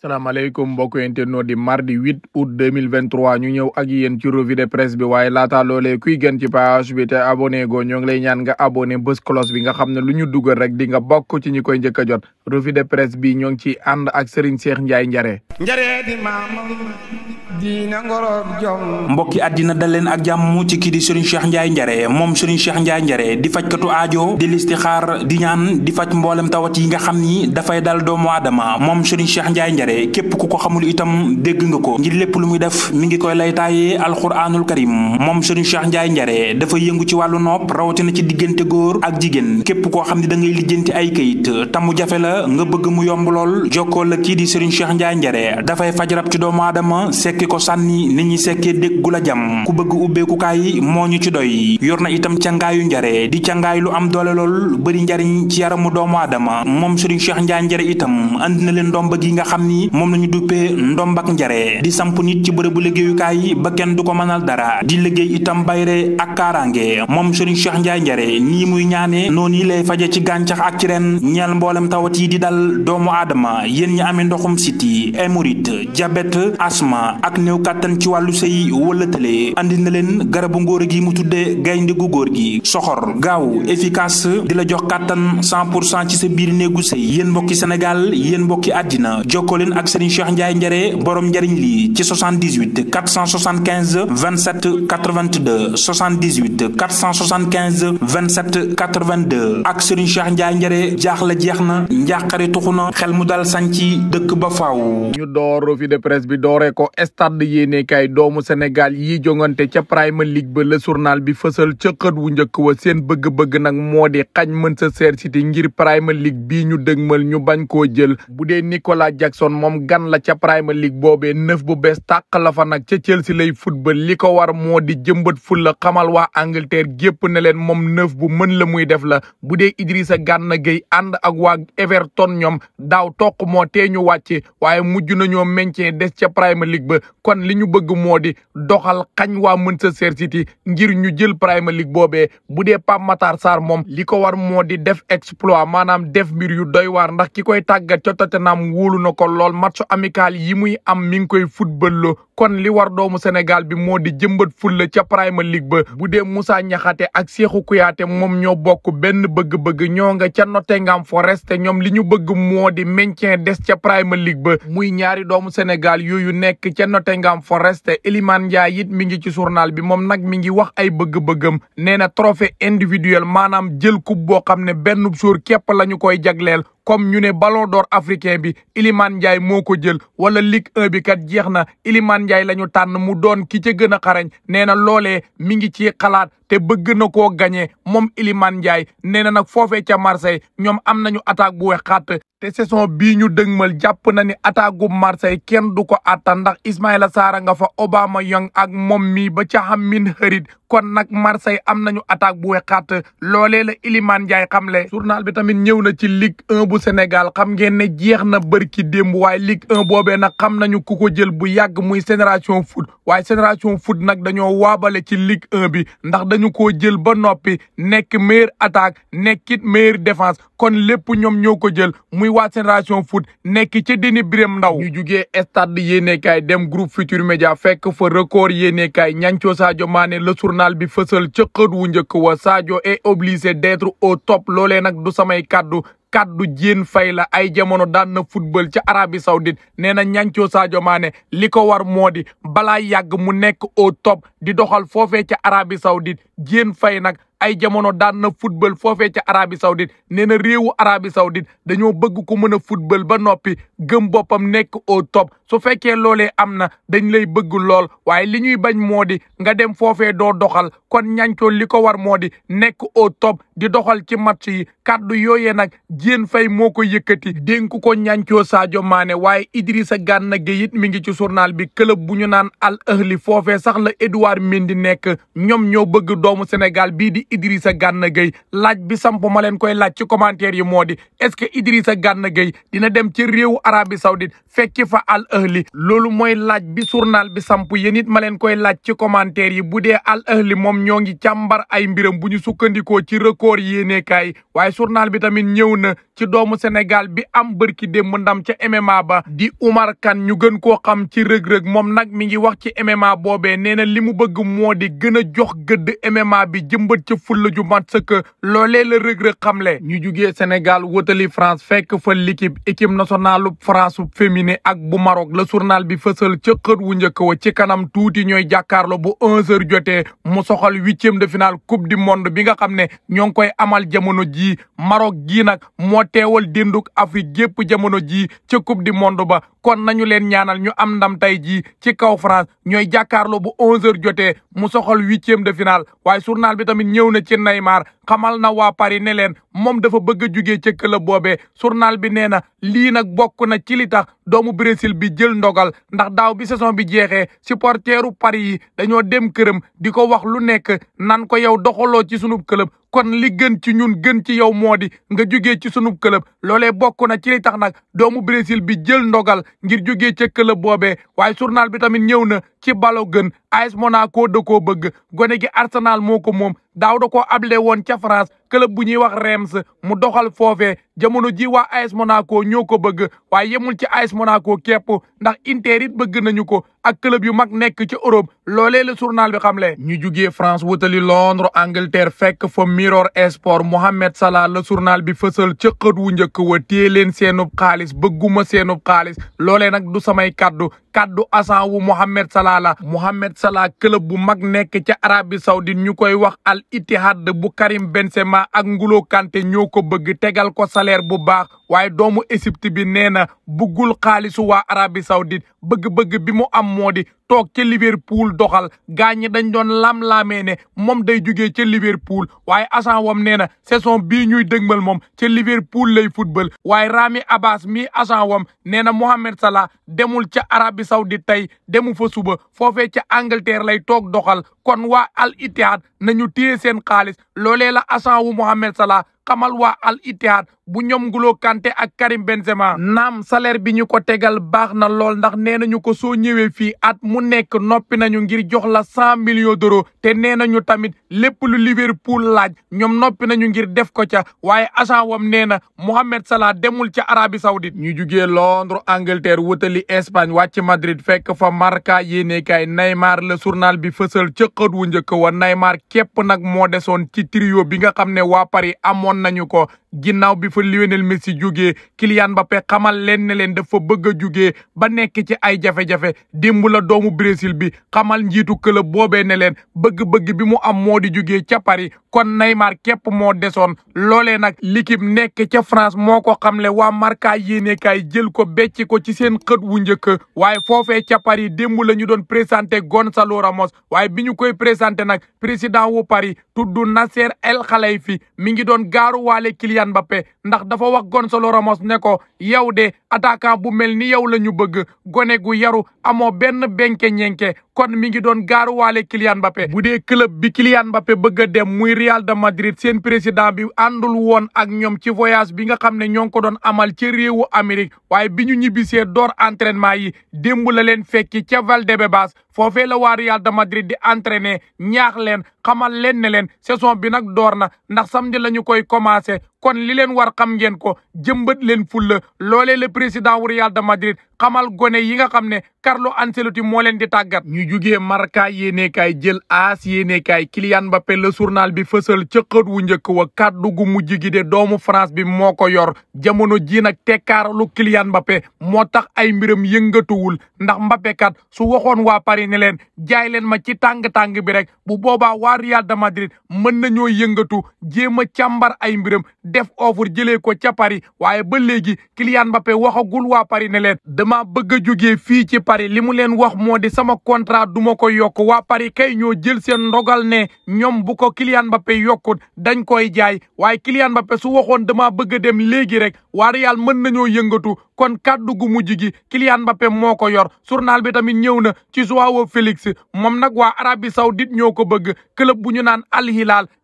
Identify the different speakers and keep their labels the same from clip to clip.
Speaker 1: salaamaaleykum mbokk internet di mardi 8 août 2023 ñu ñëw ak yéen ci revue de presse bi waaye laata loolee kuy gën ci page bi te abonné go ñoo ngi lay ñaan nga abonné bés cloche bi nga xam ne lu ñu dugal rek di nga bokk ci ñi koy njëkk jot revue de presse bi ñoo ngi ci ànd ak
Speaker 2: Serigne seex Ndiaye Njare.
Speaker 1: Njare di maamam. mbokki
Speaker 2: àddina dal leen ak jàmm ci kii di Serigne Cheikh Ndiaye Njare moom Serigne Cheikh Ndiaye Njare di fajkatu aajo di listixaar di ñaan di faj mboolem tawat yi nga xam ni dafay dal doomu aadama moom Serigne Cheikh Ndiaye képp ku ko xamul itam dégg nga ko ngir lépp lu muy def mi ngi koy lay taayee alxuraanul karim moom Serigne Cheikh Ndiaye Njare dafa yëngu ci wàllu nopp rawatina ci diggante góor ak jigéen képp koo xam ni da ngay ay kayit tamu jafe la nga bëgg mu yomb lool jokkoo la kii di Serigne Cheikh Ndiaye Njare dafay faj rab ci doomu aadama ki ko sànni ni ñi sekkee déggu la jam ku bëgg ubbeekukaay yi moo ñu ci doy yor na itam cangaayu njare di cangaay lu am doole lool bari njariñ ci yaramu doomu aadama moom sëriñ Cheikh Ndiaye njare itam andi leen ndomba gi nga xam ni moom la ñu duppee ndombak njare di samp nit ci bërëbu liggéeyukaay yi ba du ko mënal dara di liggéey itam bayre ak kaaraange moom sëriñ Cheikh Ndiaye nii muy ñaane noonu lay faje ci gàncax ak ci ren ñeel mboolem tawat yi di dal doomu aadama yéen ñi amee ndoxum siti hémorroïde diabète asma ak néew kàttan ci wàllu sëy wala tële andi na leen garabu ngóor gi mu tuddee gaynde gu góor gi soxor gaaw efficace di la jox kàttan 100 pour cent ci sa biir néegu sëy yéen mbokki Sénégal yéen mbokki àddina jokkoo leen ak Serigne Cheikh Ndiaye Ndiare borom njariñ li ci 78 475 27 82 78 475 27 82 ak Serigne Cheikh Ndiaye Ndiare jaax la jeex na njaaxare tuxu na xel mu dal sañ ci dëkk
Speaker 1: ba faaw. ñu door revue de presse bi dooree ko est stade yéenekaay doomu Sénégal yi jongante ca Premier League ba la journal bi fësal ca xët wu njëkk wa seen bëgg-bëgg nag moo di xañ Manchester City ngir Premier League bi ñu dëgmal ñu bañ ko jël bu dee Nicolas Jackson moom gan la ca Premier League boobe neuf bu bees tàq la fa nag ca Chelsea lay football li ko war moo di jëmbat ful la xamal wa Angleterre gépp ne leen moom neuf bu mën la muy def la bu dee Idrissa Gana Gueye ànd ak waa Everton ñoom da toq moo tee kon li ñu bëgg moo di doxal xañ waa Manchester City ngir ñu jël Premier League boobee bu dee Pape Matar Sarr moom li ko war moo di def exploit maanaam def mbir yu doy waar ndax ki koy tàggat ca Tottenham wóolu na ko lool match amical yi muy am mi ngi koy football kon li war doomu Sénégal bi moo di jëmbat fulla ca Premier League ba bu dee Moussa Niakhaté ak Cheikhou Kouyaté moom ñoo bokk benn bëgg-bëgg ñoo nga ca Nottingham Forest ñoom li ñu bëgg moo di maintien des ca Premier League ba muy ñaari doomu Sénégal yooyu nekk ca Nottingham Forest te Elimane Ndiaye it mi ngi ci journal bi moom nag mi ngi wax ay bëgg-bëggam nee na trophée individuel maanaam jël coupe boo xam ne benn jour képp la ñu koy jagleel comme ñu ne ballon d'or africain bi ilimaan Ndiaye moo ko jël wala Ligue 1 bi kat jeex na Iliman Ndiaye la ñu tànn mu doon ki ca gën a xarañ nee na loolee mi ngi ci xalaat te bëgg na koo gagné moom Iliman Ndiaye nee na nag foofee ca Marseille ñoom am nañu attaque bu wex xaat te saison bii ñu dëgmal jàpp na ni attaque gu Marseille kenn du ko attan ndax Ismaïla Sarr nga fa Aubameyang ak moom mi ba ca xam min xërit kon nag Marseille am nañu attaque bu weexaat loolee la Iliman Ndiaye xamle journal bi tamit ñëw na ci lig 1 bu Sénégal xam ngeen ne jeex na bërki démb waaye lig 1 boobee nag xam nañu ku ko jël bu yàgg muy Génération Foot waaye Génération Foot nag dañoo waabale ci Ligue bi dañu koo jël ba noppi nekk meilleure attaque nekkit meilleure défense kon lépp ñoom ñoo ko jël muy waa génération foot nekk ci dini Birame Ndaw ñu jugee stade yéenekaay dem groupe Futurs Médias fekk fa record yéenekaay ñancoo Sadio Mané la journal bi fësal ca wu njëkk wa Sadio est obligé detre o top loole nag du samay kaddu kaddu jéen fay la ay jamono daan na football ca Arabie Saoudite nee na ñancoo Sadio Mané li ko war moo di balaa yàgg mu nekk o top di doxal foofe ca Arabie Saoudite jéen fay nag ay jamono daan na football foofee ca Arabie Saoudite nee na réewu Arabie Saoudite dañoo bëgg ko mën a football ba noppi gëm boppam nekk au top su fekkee loolee am na dañ lay bëgg lool waaye li ñuy bañ moo di nga dem foofee doo doxal kon ñancoo li ko war moo di nekk o top di doxal ci match yi kàddu yooyee nag Diène Faye moo ko yëkkati dénk ko ñancoo Sadio maane waaye Idrissa Gana Gueye it mi ngi ci journal bi club bu ñu naan Al Ahli foofee sax la Edouard Mendy nekk ñoom ñoo bëgg doomu Sénégal bii di Idrissa Gana Gueye laaj bi samp ma leen koy laaj ci commentaire yi moo di est-ce que Idrissa Gana Gueye dina dem ci réewu Arabie Saoudite fekki fa Al Ahli loolu mooy laaj bi journal bi samp yéen it ma leen koy laaj ci commentaire yi bu dee Al Ahli moom ñoo ngi càmbar ay mbiram bu ñu sukkandikoo ci record yéenekaay waaye journal bi tamit ñëw na ci doomu Sénégal bi am bërki démb ndam ca MMA ba di Oumar Kane ñu gën koo xam ci rëg-rëg moom nag mi ngi wax ci MMA boobe nee na li mu bëgg moo di gën a jox gëdd MMA bi jëmbat ci fulla ju mat sëkk loolee la rëg-rëg xamle ñu jugee Sénégal wëtali France fekk fa l'équipe équipe nationale France féminin ak bu Maroc la sournal bi fësal ca xët wu njëkk wa ci kanam tuuti ñooy jàkkaarloo bu 11h jotee mu soxal huitième de finale coupe du monde bi nga xam ne ñoo ngi koy amal jamono jii Maroc gii nag moo teewal dinduk Afrique gépp jamono jii ca coupe du monde ba kon nañu leen ñaanal ñu am ndam tey jii ci kaw France ñooy jàkkaarloo bu 11h jotee mu soxal huitième de finale waaye journal bi tamit ñëw ñëw na ci Neymar xamal na waa Paris ne leen moom dafa bëgg juge jugee ca club boobee journal bi nee na lii nag bokk na ci li tax doomu Brésil bi jël ndogal ndax daaw bi saison bi jeexee supporteru Paris yi dañoo dem këram di ko wax lu nekk nan ko yow doxaloo ci sunub club kon li gën ci ñun gën ci yow moo di nga jugee ci sunub club loolee bokk na ci li tax nag doomu Brésil bi jël ndogal ngir juge ca club boobe waaye journal bi tamit ñëw na ci balo gën AS Monaco da koo bëgg gone gi Arsenal moko ko moom France club bu ñuy wax Reims mu doxal foofee jamono ji waa AS Monaco ñoo ko bëgg waaye yemul ci AS Monaco képp ndax Inter it bëgg nañu ko ak club yu mag nekk ci Europe loolee la journal bi le ñu jugee France wutali Londres Angleterre fekk fa Mirror Sport Mohamed Salah la surnal bi fësal ca wu njëkk wa téye leen seenub xaalis bëgguma seenub xaalis loolee nag du samay kaddu kaddu asan wu Mohamed Salah la Mohamed Salah club bu mag nekk ca Arabie Saoudite ñu koy wax ak Ngolo Kanté ñoo ko bëgg tegal ko salaire bu baax waaye doomu Égypte bi nee na bëggul xaalisu waa Arabie Saoudite bëgg-bëgg bi mu am moo di toog ca Liverpool doxal gaa ñi dañ doon lam-laamee ne moom day jugee ca Liverpool waaye agent wam nee na saison bii ñuy dëgmal moom ca Liverpool lay football waaye Rami Abbas mi agent wam nee na Mohamed Salah demul ca Arabie Saoudite tey demu fa suba foofee ci Angleterre lay toog doxal kon waa Al Ittihad nañu téye seen xaalis loolee la agent wu Mohamed Salah xamal waa Al Ittihad bu ñoom Ngolo ak Karim Benzema naam salaire bi ñu ko tegal baax na lool ndax nee nañu ko soo ñëwee fii at mu nekk noppi nañu ngir jox la cent millions d'euros te nee ñu tamit lépp lu Liverpool laaj ñoom noppi nañu ngir def ko ca waaye agent wam nee na Mohamed Salah demul ca Arabie Saoudite ñu jugee Londres Angleterre wutali Espagne wàcc Madrid fekk fa Marca yéenekaay Neymar la journal bi fësal ca xët wu njëkk wa Neymar képp nag moo desoon ci trio bi nga xam nañu ko ginnaaw bi fa Lionel Messi jógee Kylian Mbappé xamal leen ne leen dafa bëgg a jógee ba nekk ci ay jafe-jafe démb la doomu Brésil bi xamal njiitu club boobe ne leen bëgg-bëgg bi mu am moo di jógee ca Paris kon Neymar képp moo desoon loole nag l'équipe nekk ca France moo ko xam xamle waa Marca yéenekaay jël ko becc ko ci seen xët wu njëkk waaye foofee ca Paris démb la ñu doon présenté Gonzalo Ramos waaye bi ñu koy présenté nag président wu pari tudd Nasser El Khelaïfi mi ngi doon gaaruwaale Kylian Mbappé ndax dafa wax gon solo Ramos ne ko yow de attaquant bu mel ni yow la ñu bëgg gone gu yaru amoo benn benke ñenke kon mi ngi doon gaaruwaale Kylian Mbappé bu dee club bi Kylian Mbappé bëgg a dem muy Real de Madrid seen président bi àndul woon ak ñoom ci voyage bi nga xam ne ñoo ngi ko doon amal ci réewu Amérique waaye bi ñu ñibbisee door entraînement yi démb la leen fekki ca Valdebebas foofee la waa Real de Madrid di entraîner ñaax leen xamal leen ne leen saison bi nag door na ndax samedi la ñu commencé kon li leen war xam ngeen ko jëmbat leen fulla loole le président Real de Madrid xamal gone yi nga xam ne Carlo Ancelotti moo leen di tàggat ñu jugee Marca yéenekaay jël AS yéenekaay Kylian Mbappé la journal bi fësal ca wu njëkk wa kàddu gu mujj gi de doomu France bi moo ko yor jamono ji nag tekkaaralu kiliyan Mbappé moo tax ay mbiram yëngatuwul ndax Mbappé kat su waxoon waa Paris ne leen jaay leen ma ci tàng-tàng bi rek bu boobaa waa Real de Madrid mën nañoo yëngatu jéem a càmbar ay mbiram def offre jëlee ko ca Paris waaye ba léegi Kylian Mbappé waxagul waa Paris ne leen dama bëgg a jógee fii ci Paris li mu leen wax moo di sama contrat duma ma ko yokk waa pari kay ñoo jël seen ndogal ne ñoom bu ko Kylian Mbappé yokkut dañ koy jaay waaye Kylian Mbappé su waxoon dama bëgg a dem léegi rek waa Real mën na nañoo yëngatu kon kàddu gu mujj gi Kylian Mbappé moo ko yor journal bi tamit ñëw na ci Joao Félix moom nag waa Arabie Saoudite ñëw ko bëgg club bu ñu naan Al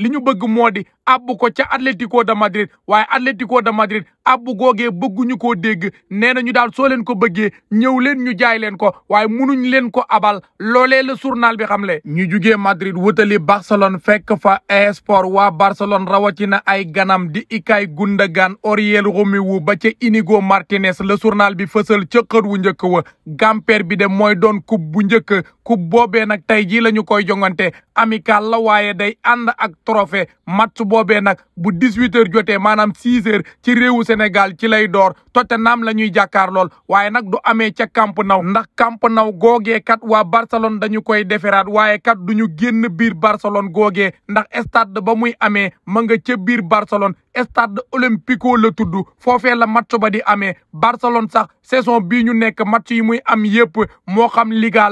Speaker 1: li ñu bëgg moo di abbu ko ca Atlético de Madrid waaye Atlético de Madrid abbu googee bëgguñu ko dégg nee na ñu daal soo leen ko bëggee ñëw leen ñu jaay leen ko waaye munuñ leen ko abal loolee surnal bi xam le ñu jugee Madrid wutali Barcelone fekk fa esport waa Barcelone rawatina ay ganam di Ikay Gundogan Oriol Romeu ba ca Inigo Martinez la journal bi fësal ca wu njëkk wa gamper bi de mooy doon coupe bu njëkk coupe boobee nag tey jii la ñu koy jongante amical la waaye day ànd ak trophée match boobee nag bu 18 heures jotee maanaam 6 heures ci réewu Sénégal ci lay door Tottenham la ñuy jàkkaar lool waaye nag du amee ca Camp naw ndax Camp naw googee kat waa Barcelone dañu koy deferaat waaye kat du ñu génn biir Barcelone googee ndax stade ba muy amee ma nga ca biir Barcelone stade Olympico la tudd foofee la match ba di amee Barcelone sax saison bii ñu nekk match yi muy am yëpp moo xam Liga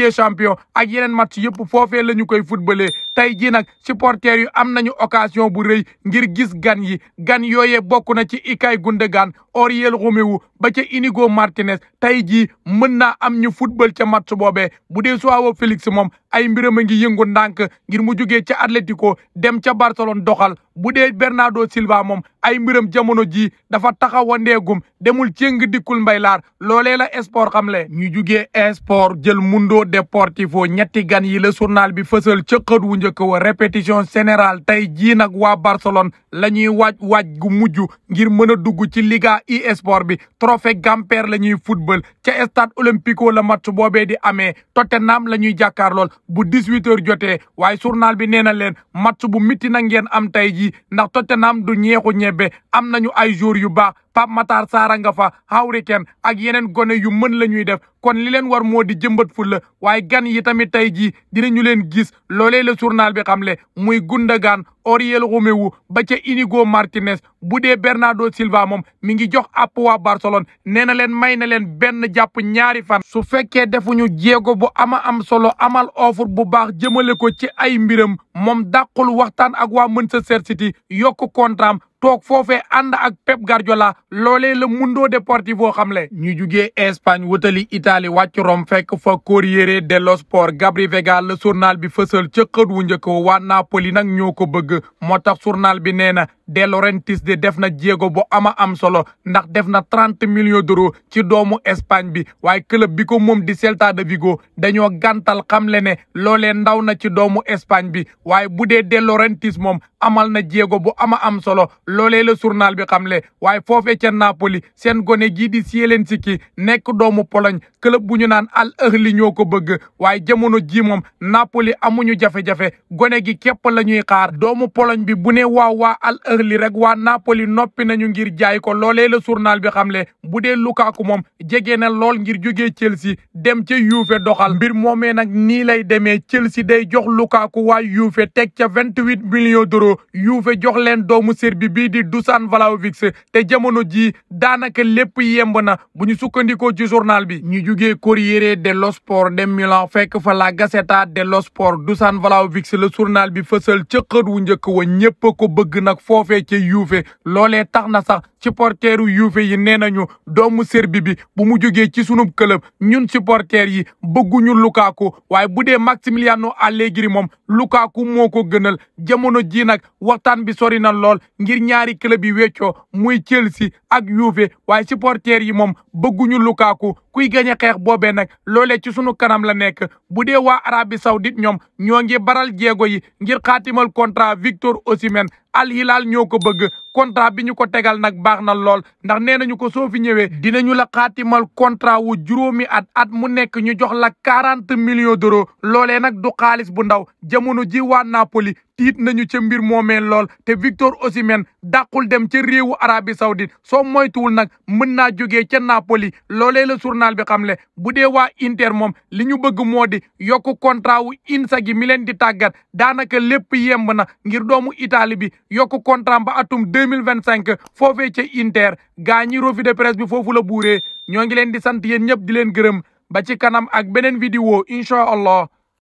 Speaker 1: des champions ak yeneen match yëpp foofee la ñu koy footballee tey jii nag supporters yu am nañu occasion bu rëy ngir gis gan yi gan yooyee bokk na ci Ilkay Gundogan Oriol Romeu ba ca Inigo Martinez tey jii mën naa am ñu football ca match boobee bu dee Joao Félix moom ay mbiram a ngi yëngu ndànk ngir mu jógee ca Atlético dem ca Barcelone doxal bu dee Bernardo Silva moom ay mbiram jamono jii dafa taxaw a ndeegum demul cëng dikkul mbay mbaylaar loole la sport xam le ñu jugee sport jël Mundo Deportivo ñetti gan yi la journal bi fësal ca xët wu njëkk wa répétition générale tey jii nag waa Barcelone la ñuy waaj waaj gu mujj ngir mën a dugg ci Liga e-sport bi trophée Gamper la ñuy football ca state Olympico la match boobee di amee Tottenham la ñuy jàkkaarlool bu 18h jotee waaye journal bi nee na leen match bu mitti na ngeen am tey jii ndax Tottenham du ñeexu ñebbe am nañu ay jour yu baax Pape Matar Sarr nga fa xawri ak yeneen gone yu mën la ñuy def kon li leen war moo di jëmbat fulla waaye gan yi tamit tey jii dinañu leen gis loolee la surnal bi xam xamle muy Gundogan Oriol Romeu ba ca Inigo Martinez bu dee Bernardo Silva moom mi ngi jox app waa Barcelone nee na leen may na leen benn jàpp ñaari fan. su fekkee defuñu jéego bu ama am solo amal offre bu baax jëmale ko ci ay mbiram moom dàqul waxtaan ak waa Manchester City yokk kontraam toog foofe ànd ak Pep Guardiola loole la Mundo Deportivo xamle ñu jugee Espagne wutali itali wàcc Rome fekk fa Corriere dello Sport Gabri Veiga la journal bi fësal ca xët wu njëkk waa Napoli nag ñoo ko bëgg moo tax journal bi nee na De Laurentiis de def na jéego bu ama am solo ndax def na trente millions d'euros ci doomu Espagne bi waaye club bi ko moom di Celta de Vigo dañoo gàntal xamle ne loolee ndaw na ci doomu Espagne bi waaye bu dee De Laurentiis moom amal na jéego bu ama am solo loole la surnal bi xamle waaye foofee ca Napoli seen gone gii di Zielinski nekk doomu Pologne club bu ñu naan Al Ahli ñoo ko bëgg waaye jamono ji moom Napoli amuñu jafe-jafe gone gi képp lañuy ñuy xaar doomu Pologne bi Burnley rek waa Napoli noppi nañu ngir jaay ko loolee la journal bi xamle bu dee Lukaku moom jege na lool ngir jógee Chelsea dem ca Juve doxal mbir moomee nag nii lay demee Chelsea day jox Lukaku waa Juve teg ca vingt-huit millions d'euros Juve jox leen doomu Serbi bii di vala Vlahovic te jamono jii daanaka lépp yemb na bu ñu sukkandikoo ci journal bi ñu jugee Corriere dello Sport dem Milan fekk fa la Gazzetta dello Sport Dusan Vlahovic la journal bi fësal ca xët wu njëkk wa ñëpp foofee ca yuufe loolee tax na sax supporteru yuufe yi nee nañu doomu serbi bi bu mu jógee ci sunub club ñun supporter yi bëgguñu lukaaku waaye bu dee Maximiliano Allegri moom Lukaku moo ko gënal jamono ji nag waxtaan bi sori na lool ngir ñaari club yi weccoo muy Chelsea ak yuufe waaye supporter yi moom bëgguñu lukaaku kuy gañe xeex boobe nag loolee ci sunu kanam la nekk bu dee waa Arabie Saoudite ñoom ñoo ngi baral jéego yi ngir xaatimal contrat Victor Osimhen Al Hilal ñoo ko bëgg contrat bi ñu ko tegal nag baax na lool ndax nee nañu ko soo fi ñëwee dinañu la xaatimal contrat wu juróomi at at mu nekk ñu jox la quarante millions d'euros loolee nag du xaalis bu ndaw jamono ji waa Napoli tiit nañu ca mbir moomee lool te Victor Osimhen dàqul dem ca réewu Arabie Saoudite soo moytuwul nag mën naa jógee ca Napoli loole la surnal bi xam xamle bu dee waa Inter moom li ñu bëgg moo di yokku contrat wu Inzaghi mi leen di tàggat daanaka lépp yemb na ngir doomu Italie bi yokku contrat deux mille vingt cinq foofee ca Inter gaa ñi rofi de presse bi foofu la buuree ñoo ngi leen di sant yéen ñëpp di leen gërëm ba ci kanam ak beneen vidéo incha allah